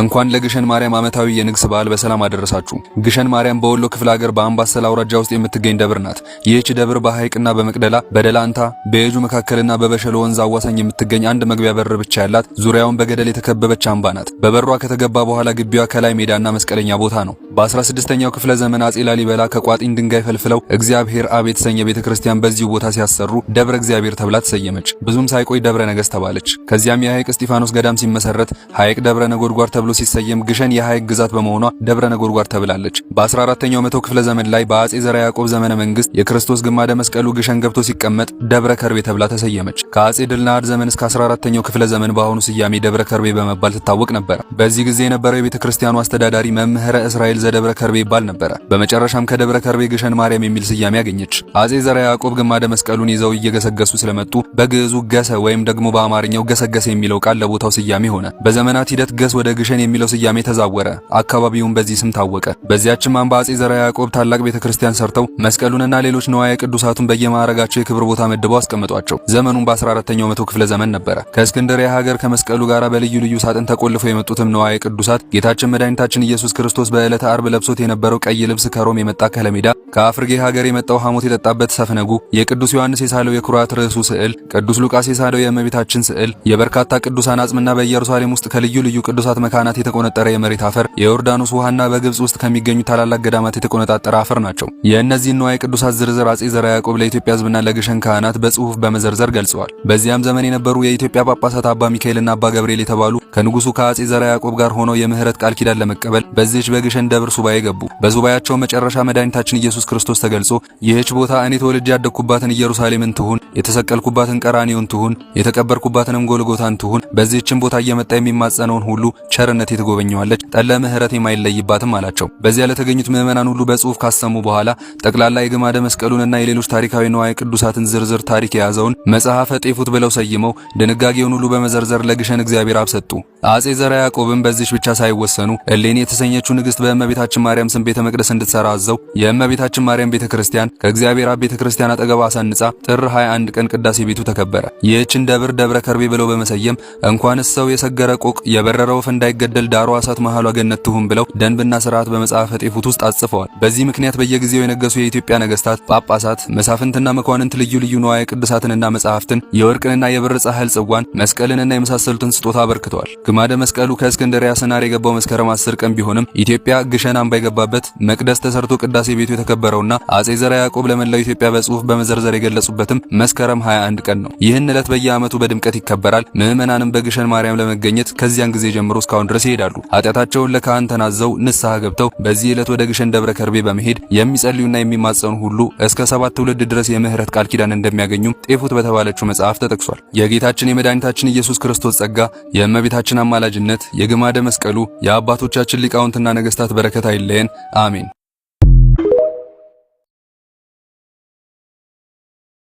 እንኳን ለግሸን ማርያም ዓመታዊ የንግስ በዓል በሰላም አደረሳችሁ። ግሸን ማርያም በወሎ ክፍለ ሀገር በአምባሰል አውራጃ ውስጥ የምትገኝ ደብር ናት። ይህች ደብር በሐይቅና በመቅደላ በደላንታ በየጁ መካከልና በበሸሎ ወንዝ አዋሳኝ የምትገኝ አንድ መግቢያ በር ብቻ ያላት ዙሪያውን በገደል የተከበበች አምባ ናት። በበሯ ከተገባ በኋላ ግቢዋ ከላይ ሜዳና መስቀለኛ ቦታ ነው። በ16ኛው ክፍለ ዘመን አጼ ላሊበላ ከቋጢን ድንጋይ ፈልፍለው እግዚአብሔር አብ የተሰኘ ቤተ ክርስቲያን በዚሁ ቦታ ሲያሰሩ ደብረ እግዚአብሔር ተብላ ተሰየመች። ብዙም ሳይቆይ ደብረ ነገስ ተባለች። ከዚያም የሐይቅ እስጢፋኖስ ገዳም ሲመሰረት ሐይቅ ደብረ ነጎድጓድ ተብሎ ሲሰየም ግሸን የሐይቅ ግዛት በመሆኗ ደብረ ነጎድጓድ ተብላለች። በ14ኛው መቶ ክፍለ ዘመን ላይ በአጼ ዘራ ያዕቆብ ዘመነ መንግስት የክርስቶስ ግማደ መስቀሉ ግሸን ገብቶ ሲቀመጥ ደብረ ከርቤ ተብላ ተሰየመች። ከአጼ ድልናድ ዘመን እስከ 14ኛው ክፍለ ዘመን በአሁኑ ስያሜ ደብረ ከርቤ በመባል ትታወቅ ነበር። በዚህ ጊዜ የነበረው የቤተ ክርስቲያኑ አስተዳዳሪ መምህረ እስራኤል ዘደብረ ከርቤ ይባል ነበረ። በመጨረሻም ከደብረ ከርቤ ግሸን ማርያም የሚል ስያሜ አገኘች። አጼ ዘረ ያዕቆብ ግማደ መስቀሉን ይዘው እየገሰገሱ ስለመጡ በግዕዙ ገሰ ወይም ደግሞ በአማርኛው ገሰገሰ የሚለው ቃል ለቦታው ስያሜ ሆነ። በዘመናት ሂደት ገስ ወደ ግሸን ሬሽን የሚለው ስያሜ ተዛወረ። አካባቢውን በዚህ ስም ታወቀ። በዚያችም አምባ አጼ ዘርዓ ያዕቆብ ታላቅ ቤተክርስቲያን ሰርተው መስቀሉንና ሌሎች ንዋየ ቅዱሳቱን በየማዕረጋቸው የክብር ቦታ መድበው አስቀምጧቸው። ዘመኑን በ14ኛው መቶ ክፍለ ዘመን ነበረ። ከእስክንድርያ ሀገር ከመስቀሉ ጋር በልዩ ልዩ ሳጥን ተቆልፈው የመጡትም ንዋየ ቅዱሳት ጌታችን መድኃኒታችን ኢየሱስ ክርስቶስ በዕለተ አርብ ለብሶት የነበረው ቀይ ልብስ ከሮም የመጣ ከለሜዳ ከአፍርጌ ሀገር የመጣው ሐሞት የጠጣበት ሰፍነጉ፣ የቅዱስ ዮሐንስ የሳለው የኩራት ርዕሱ ስዕል፣ ቅዱስ ሉቃስ የሳለው የእመቤታችን ስዕል፣ የበርካታ ቅዱሳን አጽምና በኢየሩሳሌም ውስጥ ከልዩ ልዩ ቅዱሳት መካከል ካህናት የተቆነጠረ የመሬት አፈር፣ የዮርዳኖስ ውሃና በግብጽ ውስጥ ከሚገኙ ታላላቅ ገዳማት የተቆነጣጠረ አፈር ናቸው። የእነዚህ ንዋየ ቅዱሳት ዝርዝር አጼ ዘርዓ ያዕቆብ ለኢትዮጵያ ሕዝብና ለግሸን ካህናት በጽሑፍ በመዘርዘር ገልጸዋል። በዚያም ዘመን የነበሩ የኢትዮጵያ ጳጳሳት አባ ሚካኤልና አባ ገብርኤል የተባሉ ከንጉሱ ከአጼ ዘርዓ ያዕቆብ ጋር ሆነው የምህረት ቃል ኪዳን ለመቀበል በዚህች በግሸን ደብር ሱባኤ ገቡ። በሱባኤያቸው መጨረሻ መድኃኒታችን ኢየሱስ ክርስቶስ ተገልጾ ይህች ቦታ እኔ ተወልጄ ያደግኩባትን ኢየሩሳሌምን ትሁን፣ የተሰቀልኩባትን ቀራኒዮን ትሁን፣ የተቀበርኩባትንም ጎልጎታን ትሁን፣ በዚህችም ቦታ እየመጣ የሚማጸነውን ሁሉ ቸር በቸርነት የተጎበኘዋለች ጠለ ምሕረቴም የማይለይባትም አላቸው። በዚያ ለተገኙት ምዕመናን ሁሉ በጽሁፍ ካሰሙ በኋላ ጠቅላላ የግማደ መስቀሉንና የሌሎች ታሪካዊ ንዋየ ቅዱሳትን ዝርዝር ታሪክ የያዘውን መጽሐፈ ጤፉት ብለው ሰይመው ድንጋጌውን ሁሉ በመዘርዘር ለግሸን እግዚአብሔር አብ ሰጡ። አጼ ዘራ ያዕቆብም በዚች ብቻ ሳይወሰኑ እሌኒ የተሰኘችው ንግስት በእመቤታችን ማርያም ስም ቤተ መቅደስ እንድትሰራ አዘው የእመቤታችን ማርያም ቤተ ክርስቲያን ከእግዚአብሔር አብ ቤተ ክርስቲያን አጠገብ አሳንጻ ጥር 21 ቀን ቅዳሴ ቤቱ ተከበረ። ይህችን ደብር ደብረ ከርቤ ብለው በመሰየም እንኳንስ ሰው የሰገረ ቆቅ የበረረ ወፍ እንዳይገደል ዳሯ እሳት መሃሉ ገነት ትሁን ብለው ደንብና ስርዓት በመጽሐፈ ጤፉት ውስጥ አጽፈዋል። በዚህ ምክንያት በየጊዜው የነገሱ የኢትዮጵያ ነገስታት፣ ጳጳሳት፣ መሳፍንትና መኳንንት ልዩ ልዩ ንዋየ ቅዱሳትንና መጽሐፍትን የወርቅንና የብር ጻሕል ጽዋን መስቀልንና የመሳሰሉትን ስጦታ አበርክተዋል። ግማደ መስቀሉ ከእስክንድሪያ ስናር የገባው መስከረም 10 ቀን ቢሆንም ኢትዮጵያ ግሸን አምባ የገባበት መቅደስ ተሰርቶ ቅዳሴ ቤቱ የተከበረውና አጼ ዘርዓ ያዕቆብ ለመላው ኢትዮጵያ በጽሁፍ በመዘርዘር የገለጹበትም መስከረም 21 ቀን ነው። ይህን ዕለት በየዓመቱ በድምቀት ይከበራል። ምዕመናንም በግሸን ማርያም ለመገኘት ከዚያን ጊዜ ጀምሮ እስካሁን ድረስ ይሄዳሉ። ኃጢአታቸውን ለካህን ተናዘው ንስሐ ገብተው በዚህ ዕለት ወደ ግሸን ደብረ ከርቤ በመሄድ የሚጸልዩና የሚማጸኑ ሁሉ እስከ ሰባት ትውልድ ድረስ የምህረት ቃል ኪዳን እንደሚያገኙ ጤፉት በተባለችው መጽሐፍ ተጠቅሷል። የጌታችን የመድኃኒታችን ኢየሱስ ክርስቶስ ጸጋ የእመቤታችን አማላጅነት የግማደ መስቀሉ የአባቶቻችን ሊቃውንትና ነገስታት በረከት አይለየን። አሜን።